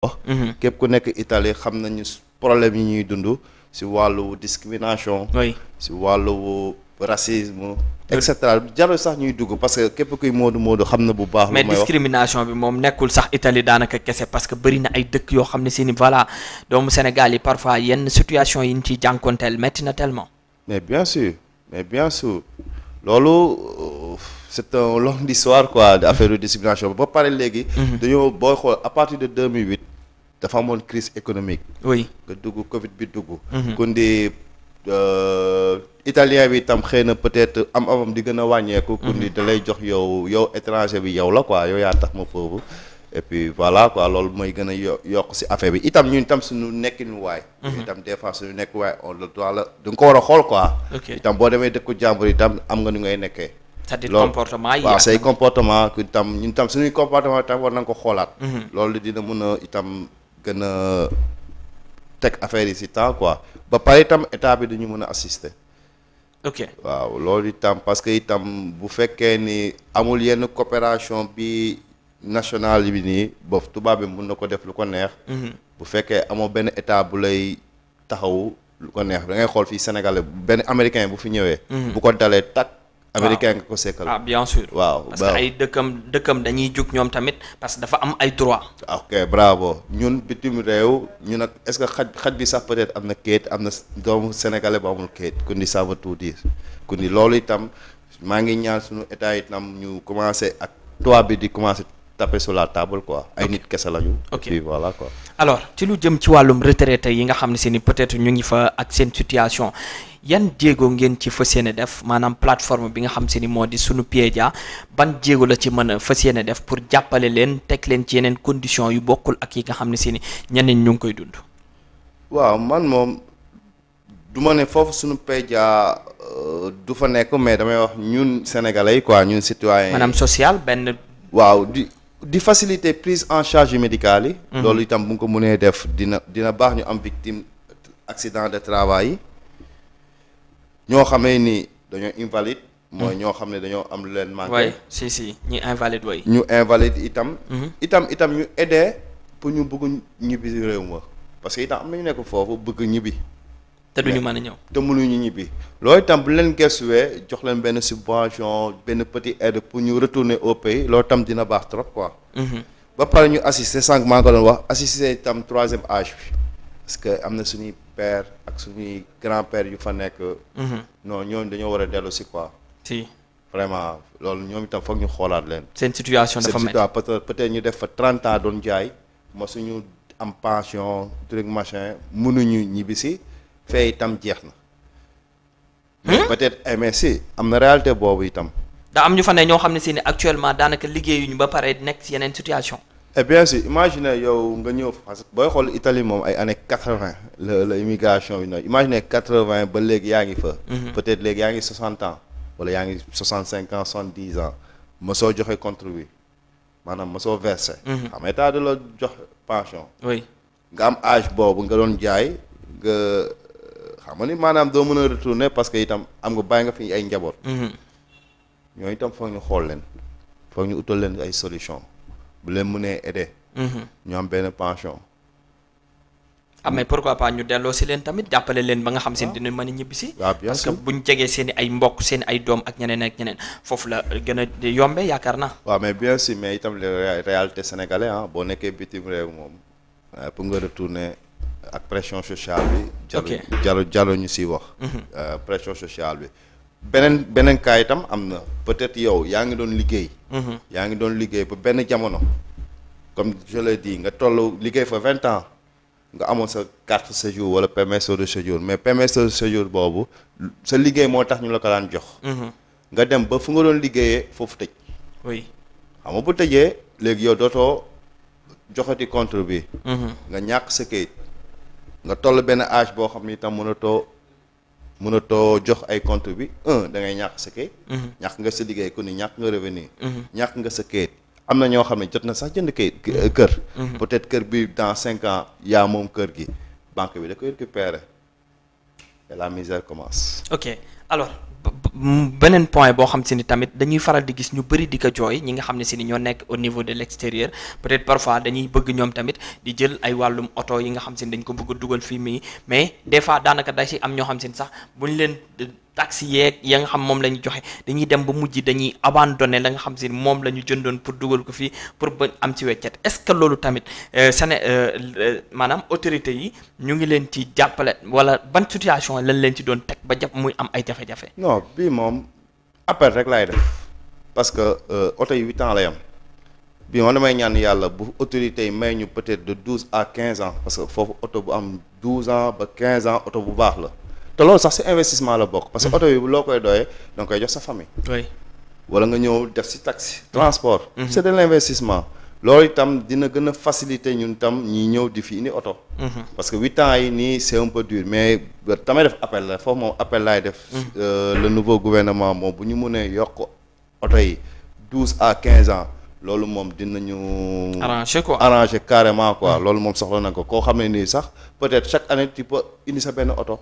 wax mm-hmm. képp ku nekk Italie xam nañu problème yi ñuy dund si wàllu discrimination si wàllu racisme et cetera jarul sax ñuy dugg parce que képp kuy moodu moodu xam na bu baax. mais discrimination bi moom nekkul sax Italie daanaka kese parce que bëri na ay dëkk yoo xam ne si ni voilà doomu Sénégal yi parfois yenn situation yi ñu ciy jànkonteel métti na tellement. mais bien sûr mais bien sûr loolu euh, c'est une longue histoire quoi affaire de discrimination ba pare mm-hmm. dafa amoon crise économique. oui nga dugg Covid bi dugg. Mhm. kon di euh, italien bi tam xëy na peut-être am amam di gën a wàññeeku. kon di mhm. jox yow yow étranger bi yow la quoi yow yaa tax ma foofu. et puis voilà quoi loolu mooy gën a yokk si affaire bi itam ñun tam suñu nekkin waay. Mhm. itam des fois suñu nekk waay on le ko war a xool quoi. itam boo demee dëkku jàmbur am nga nu ngay nekkee. cest say comportement itam ñun tam suñuy comportement itam war ko xoolaat. loolu dina mën a itam. gën a teg affaire yi si temps quoi ba pare itam état bi dañu mën a assister. ok waaw loolu itam parce que itam bu fekkee ni amul yenn coopération bi nationale bi nii boof tubaab bi mun na ko def lu ko neex. Mhm. bu fekkee amoo benn état bu lay taxaw lu ko neex da ngay xool fii Sénégal benn américain bu fi ñëwee. Mhm. bu ko dalee tak américain nga ko sekkal ah bien sûr waaw parce que ay dëkkam dëkkam dañuy jug ñoom tamit parce que dafa am ay droit ok bravo ñun bitim réew ñu nag est-ce que xaj xaj bi sax peut am na kayit am na doomu sénégalais bu amul kayit kon di ça veut tout dire kon di loolu itam maa ngi ñaan suñu état itam ñu commencé ak toit bi di commencé taper sur la table quoi ay nit kese lañu. ok et puis voilà quoi. ci lu jëm ci wàllum retraités yi nga xam ne seeni ni peut ñu ngi fa ak seen situation yan jéego ngeen ci fas yéene def maanaam plateforme bi nga xam si ni moo di suñu Sunupedia ban jéego la ci mën a fas yéene def pour jàppale leen teg leen ci yeneen condition yu bokkul ak yi nga xam ne si ni ñeneen ñu ngi koy dund. waaw man moom du ma ne foofu Sunupedia euh, du fa nekk mais damay wax ñun sénégalais quoi ñun di faciliter prise en charge médicale yi. Mhm. loolu itam bu nga ko mënee def dina dina baax ñu am victime accident de travail yi ñoo xamee ni dañoo invalide. mooy mhm. ñoo xam ne dañoo am lu leen manqué. waay si si ñu invalide waay. ñu invalide itam. Mhm. itam itam ñu aider pour ñu bëgg ñibbi réew ma parce que itam am na ñu nekk foofu bëgg ñibbi. te duñu mën a ñëw te mënuñu ñibbi loolu tam bu leen gestuwee jox leen benn subvention benn petit aide pour ñu retourner au pays loolu tam dina baax trop quoi mhm. ba pare ñu assister sànq maa ngi ko doon wax assister tam troisième âge bi parce que am na suñuy père ak suñuy grand père yu fa nekk mhm. non ñooñu dañoo war a dellu si quoi si vraiment loolu ñoom itam foog ñu xoolaat leen seen situation dafa métti peut-être peut ñu def fa trente ans doon jaay ma suñu am pension truc machin mënuñu ñibbisi fee itam jeex na. Hmm? mais peut-être eh, MSC am na réalité boobu itam. daa am ñu fa ne ñoo xam ne si ne actuellement daanaka ñu ba pare nekk si yeneen situation. et eh bien sûr yow nga ñëw parce que booy xool Italie moom ay années quatre vingt la la immigration bi noonu imaginez quatre vingt ba léegi yaa ngi fa. Hmm. peut-être léegi yaa ngi soixante ans wala yaa ngi soixante cinq ans soixante dix ans ma soo joxe contribué maanaam ma soo versé. Hmm. xam état da la jox pension. oui nga am nga doon jaay xam nga maanaam doo mën a retourner parce que itam am nga bàyyi nga fi ay njaboot. Mhm. ñooñu itam foog ñu xool leen foog ñu utal leen ay solution bu leen mënee aider. Mhm. ñu am benn pension. ah mais pourquoi pas ñu delloo si leen tamit jàppale leen ba nga xam seen ah. dina mën a si ah, parce que buñ jegee seen ay mbokk seen ay doom ak ñeneen ak ñeneen foofu la gën a yombee yaakaar naa waaw mais bien sûr mais itam les réalité sénégalais ah, boo nekkee bitim réew moom pour nga ak pression sociale bi. ok jalo jalo ñu si wax. Mhm. Euh, pression sociale bi. beneen beneen cas itam am na peut-être yow yaa ngi doon liggéey. Mhm. yaa ngi doon liggéey ba benn jamono. comme je l'ai dit nga toll liggéey fa vingt ans nga amoon sa carte séjour wala permis de séjour mais permis de séjour boobu sa liggéey moo tax ñu la ko daan jox. Mhm. nga dem ba fu nga doon liggéeyee foofu tëj. oui xam nga bu tëjee léegi yow dootoo joxati contre bi. nga ñàkk sa kayit. nga toll benn âge boo xam ni itam mënatoo mënatoo jox ay compte bi un da ngay ñàkk sa kayit. Mhm. ñàkk nga sa liggéey ku ni ñàkk nga revenu. Mhm. ñàkk nga sa kayit am na ñoo xam ne jot na sax jënd kayit mhm. kër. peut-être kër bi dans cinq ans yaa moom kër gi banque bi da koy récupérer et la misère commence. ok alors. beneen point boo xam si ni tamit dañuy faral di gis ñu bëri di ko jooy ñi nga xam ne si ni ñoo nekk au niveau de l'extérieur peut-être parfois dañuy bëgg ñoom tamit di jël ay wàllum oto yi nga xam si dañ ko bëgg a dugal fii mii mais des fois daanaka day si am ñoo xam si ni sax buñ leen taxi yeeg ya nga xam moom la ñu joxe dañuy dem ba mujj dañuy abandonné la nga xam si moom la ñu jëndoon pour dugal ko fii pour ba am ci weccet est-ce que loolu tamit euh, sene euh, maanaam autorité yi ñu ngi leen ci jàppale wala ban situation lañ leen ci doon teg ba jàpp muy am ay jafe-jafe. non bii moom appel rek laay def parce que euh, oto yi huit ans la am bi moom damay ñaan yàlla bu autorité yi may ñu peut-être de douze à quinze ans parce que foofu oto bu am douze ans ba quinze ans oto bu baax la. te loolu sax ci investissement la bokk. parce que oto bi loo koy doyee da nga koy jox sa famille. oui wala nga ñëw def si tax transport. Mhm. c'est de l'investissement. loolu itam dina gën a faciliter ñun tam ñi ñëw di fi indi oto. Mhm. parce que huit ans yi nii c'est un peu dur mais tamay def appel la foofu moom appel laay def. Mhm. Euh, le nouveau gouvernement moom bu ñu mënee yokk oto yi douze à quinze ans loolu moom ñu arranger ko arranger carrément quoi. loolu moom soxla na ko koo xam ne nii sax peut-être chaque année tu indi sa benn oto.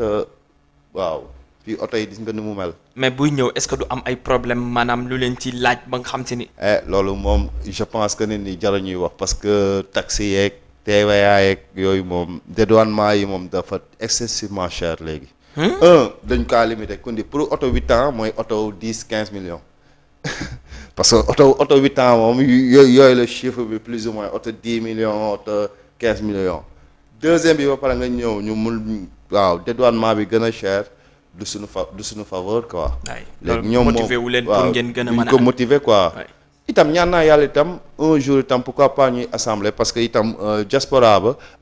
te waaw fii oto yi gis nga nu mu mel. mais buy ñëw est-ce que du am ay problème maanaam lu leen ci laaj ba nga xam si ni. Eh, loolu moom je pense que ne ni jara ñuy wax parce que taxi yeeg TVA yeeg yooyu moom dédouanement yi moom dafa excessivement cher léegi. Hmm? un dañ kaa limité kundi pour oto huit ans mooy oto dix quinze millions parce que oto oto huit ans moom yooyu yooyu la chiffre bi plus ou moins oto dix millions oto quinze millions deuxième bi ba pare nga ñëw waaw dédouanement bi gën a cher du suñu fa du suñu faveur quoi. léegi ñoom moom motiver wu leen pour ngeen gën a mën a ko motiver quoi. itam ñaan naa yàlla itam un jour itam pourquoi pas ñuy assemblée parce que itam euh, diaspora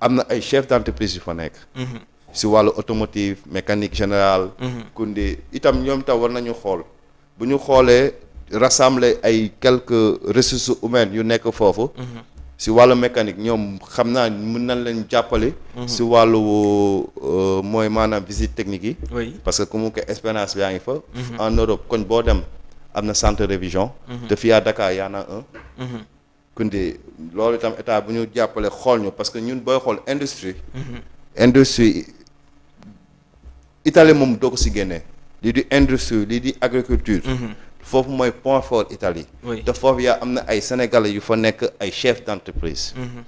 am na ay chef d' yu fa nekk. Mm-hmm. si wàllu automotive mécanique générale. Mm-hmm. kundi itam ñoom itam war nañu xool bu ñu xoolee rassembler ay quelques ressources humaines yu nekk foofu. Mm-hmm. si wàllu mécanique ñoom xam naa mën na leen jàppale. Mhm. si wàllu euh, mooy maanaam visite technique yi. parce que ku mu ko expérience yaa ngi fa. Mhm. en Europe koñ boo dem am na centre révision. Mhm. te fii à Dakar yaa na un. kundi loolu itam état bu ñu jàppale xool ñu parce que ñun booy xool industrie. industrie Italie moom doo ko si génnee lii di industrie lii di agriculture. foofu mooy point fort Italie. te foofu yaa am na ay sénégalais yu fa nekk ay chef d' entreprise. Mhm.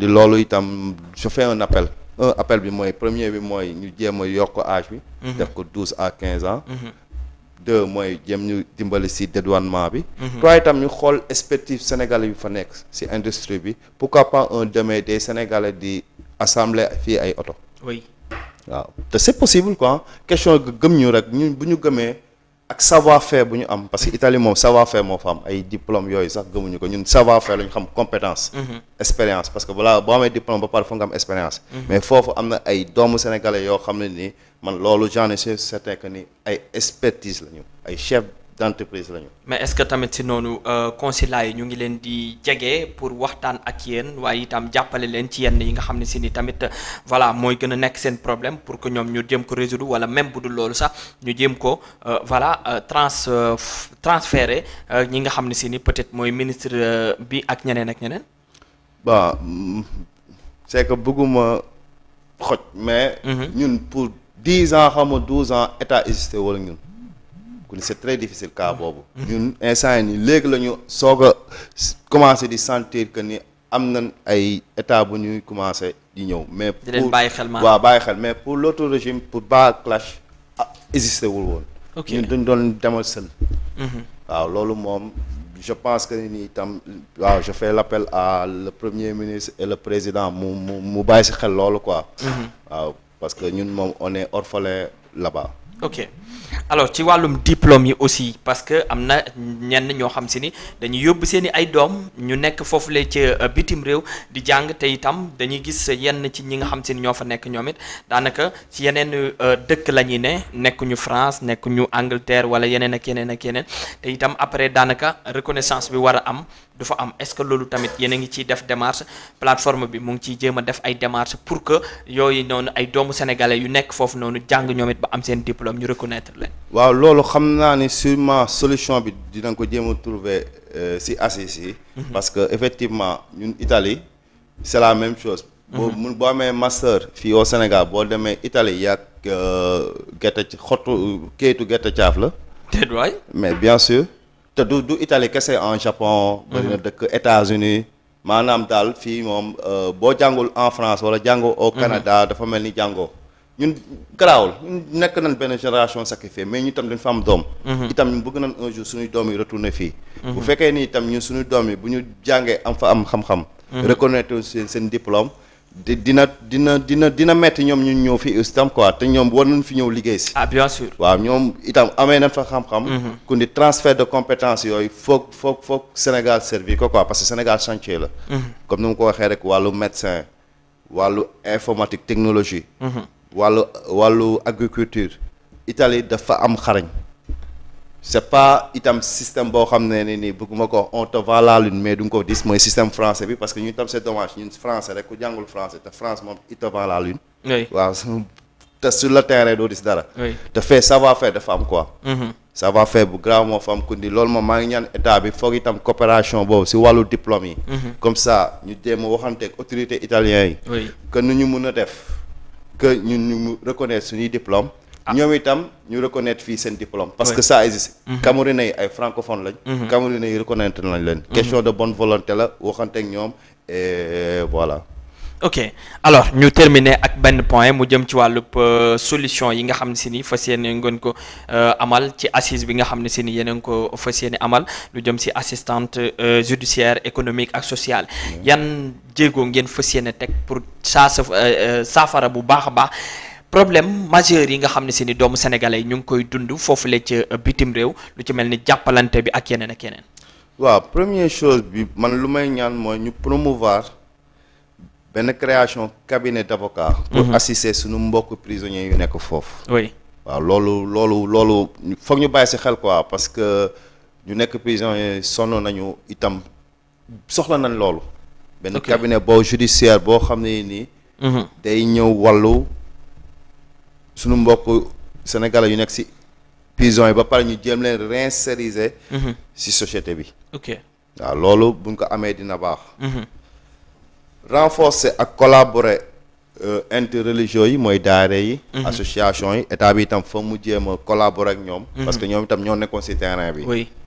di loolu itam je fais un appel. un appel bi mooy premier bi mooy ñu jéem a yokk âge bi. Mhm. def ko douze à quinze ans. Mhm. deux mooy jéem ñu dimbali si dédouanement bi. trois itam ñu xool perspective sénégalais yu fa nekk si industrie bi pourquoi pas un demain des sénégalais di assembler fii ay oto. waaw te c' possible quoi question gëm ñu rek bu ñu gëmee. ak savoir-faire bu ñu am parce que mm-hmm. Italie moom savoir-faire moo fa am ay diplôme yooyu sax gëmuñu ko ñun savoir-faire la xam compétence. Mm-hmm. expérience parce que boo amee diplôme ba pare foog nga am expérience. Mm-hmm. mais foofu am na ay doomu sénégalais yoo xam ne nii man loolu genre c'est certain que ni ay expertise la ay chef d'entreprise lañu. mais est-ce que tamit si noonu euh, consulat yi ñu ngi leen di jege pour waxtaan ak yéen waaye itam jàppale leen ci yenn yi nga xam ne si ni tamit voilà mooy gën a nekk seen problème pour que ñoom ñu jéem ko résoudre wala même bu dul loolu sax ñu jéem ko euh, voilà euh, trans transférer ñi nga xam ne si ni peut-être mooy ministre bi ak ñeneen ak ñeneen. bon c'est que bëgguma xoj mais. Mhm. ñun pour dix ans xam nga douze ans état existé wala ñun. ku ni c'est très difficile cas boobu. ñun instant yi nii léegi la ñu soog a commencé di sentir que ni am na ay état bu ñuy commencé di ñëw. mais pour di leen bàyyi xel bàyyi xel mais pour l'autre régime pour ba clash ah, existé wul woon. ok ñun dañ doon demal sën. Mhm. waaw loolu moom. je pense que ni tam waaw je fais l'appel à le premier ministre et le président mu mu mu bàyyi xel loolu quoi. Mhm. waaw parce que ñun moom on est orphelin là-bas. ok alors ci wàllum diplôme yi aussi parce que am na ñenn ñoo xam si ni dañuy yóbbu seen i ay doom ñu nekk foofu la ci euh, bitim réew di jàng te itam dañuy gis yenn ci ñi nga xam si ni ñoo fa nekk ñoomit daanaka ci yeneen euh, dëkk la ñuy ne nekkuñu France nekkuñu Angleterre wala yeneen ak yeneen ak yeneen te itam après daanaka reconnaissance bi war a am du fa am est-ce que loolu tamit yéen a ngi ciy def démarche plateforme bi mu ngi ciy jéem a def ay démarche pour que yooyu noonu ay doomu sénégalais yu nekk foofu noonu jàng ñoom ba am seen diplôme ñu reconnaître leen. waaw loolu xam naa ne sûrement solution bi dinañ ko jéem a trouver euh, si assises yi. Mhm. parce que effectivement ñun Italie c'est la même chose. boo mhm. mun boo amee master fii au Sénégal boo demee Italie yàgg euh, gerte ci xottu kayitu gerte caaf la. déet waay mais bien sûr. te du du Italie kese en Japon. bëri mhm. na dëkk États-Unis maanaam daal fii moom euh, boo jàngul en France wala jàngoo au Canada dafa mel ni jàngoo. ñun garaawul ñun nekk nañ benn génération sacrifiée mais ñu itam dañ fa am doom mhm. itam ñu bëgg nañ un jour suñuy doom yi retourné fii mhm. bu fekkee nii itam ñun suñu doom yi bu ñu jàngee am fa am xam-xam mhm. reconnaître seen seen diplôme di dina dina dina dina metti ñoom ñun ñëw fii itam quoi te ñoom war nañ fi ñëw liggéey si ah bien sûr waaw ñoom itam amee nañ fa xam-xam ku ni transfert de compétence yooyu foog foog foog Sénégal servir ko quoi parce que Sénégal chantier la comme ni ma ko waxee rek wàllu médecin wàllu informatique technologie wàllu wàllu agriculture Italie dafa am xarañ c'est pas itam système boo xam ne ni nii bëgguma ko on te va lune mais du nga ko dis mooy système français bi parce que ñu tam se dommage ñun français rek ku jàngul français te France moom il te va lune waaw te sur le terrain doo dis dara te fait savoir faire dafa am quoi mm-hmm. savoir faire bu grave moo fa am kundi loolu moom maa ngi ñaan état bi foog itam coopération boobu si wàllu diplôme yi mm-hmm. comme ça ñu jéem a waxante ak autorité yi que nu ñu mun def que ñun ñu reconnaître suñuy diplôme ah. ñoom itam ñu reconnaître fii seen diplôme parce que ça existe mm-hmm. Camerounais yi ay francophone lañ mm-hmm. Camerounais yi reconnaître nañ leen mm-hmm. question de bonne volonté la waxante ak ñoom voilà ok alors ñu terminer ak benn point mu jëm ci wàllu euh, solution yi nga xam ne si ni fas yéene ngeen ko euh, amal ci assise bi nga xam ne si ni yeneen ko fas yéene amal lu jëm si assistante euh, judiciaire économique ak sociale mm. yan jéego ngeen fas yéene teg pour saa saafara bu baax a baax problème majeur yi nga xam ne si ni doomu sénégalais yi ñu ngi koy dund foofu la ci bitim réew lu ci mel ni jàppalante bi ak yeneen ak yeneen. waaw première chose bi man lu may ñaan mooy ñu promouvoir. benn création cabinet d'avocat pour mhm. assister suñu mbokk prisonniers yu nekk foofu waaw loolu loolu loolu foog ñu bàyyi si xel quoi parce que ñu nekk prisonniers sonn nañu itam soxla nañ loolu benn cabinet boo judiciaire boo xam ne nii mhm. day ñëw wàllu suñu mbokk sénégalais yu nekk si prison yi ba pare ñu jéem leen réinsériser mhm. si société bi waaw loolu buñ ko amee dina baax renforcer ak collaborer euh, interreligieux yi mooy daare yi mhm. association yi état bi itam fa mu jéem a collaborer ak ñoom mhm. parce que ñoom itam ñoo nekkoon si terrain bi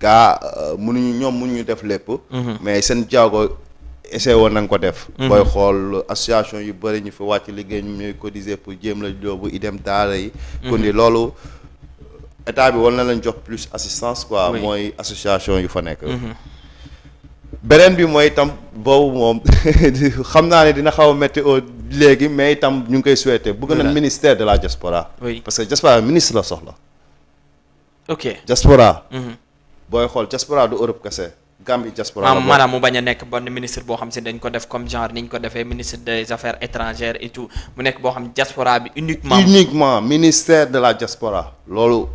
gaa euh, mënuñu ñoom ñu def lépp mhm. mais seen jaago essayé woon nañ ko def booy xool association yu bëri ñu fi wàcc liggéey ñu ñooy cotiser pour jéem la yóbbu idem daara yi kon di loolu état bi war na leen jox plus assistance quoi mooy association yu fa nekk beneen bi mooy itam boobu moom xam naa ne dina xaw a métti léegi mais itam ñu ngi koy souhaité. bëgg na ministère de la diaspora. Oui. parce que diaspora ministre la soxla. ok diaspora. Mhm. booy xool diaspora du Europe kese. Gambie diaspora la maanaam mu bañ a nekk bon ministre boo xam si dañ ko def comme genre ni ñu ko defee ministre des affaires étrangères et tout mu nekk boo xam diaspora bi uniquement. uniquement ministère de la diaspora loolu.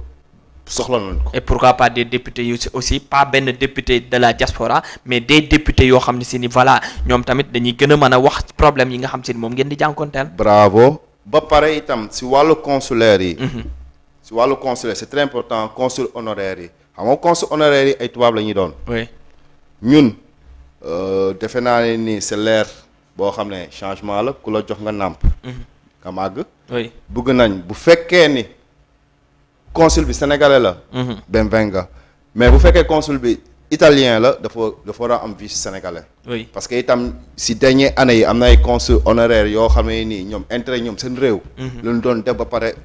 soxla nañ ko. et pourquoi pas des députés yu si pas benn député de la diaspora mais des députés yoo xam ne si ni voilà ñoom tamit dañuy gën a mën a wax problème yi nga xam si ni moom ngeen di jànkonteel. bravo ba pare itam si wàllu consulaire yi. Mhm. si wàllu consulaire c'est très important consul honoraire yi xam consul honoraire yi ay tubaab la ñuy doon. oui ñun euh, defe naa ne ni c'est leer boo xam ne changement la ku la jox nga nàmp. Mhm. nga màgg. oui bëgg nañ bu fekkee consul bi sénégalais la. Mhm. Benvenga mais bu fekkee consul bi italien la dafa dafa war a am vice sénégalais. oui parce que itam si dernier année yi am na ay consul honoraire yoo xam ne nii ñoom intérêt ñoom seen réew. Mhm. lu doon def ba pare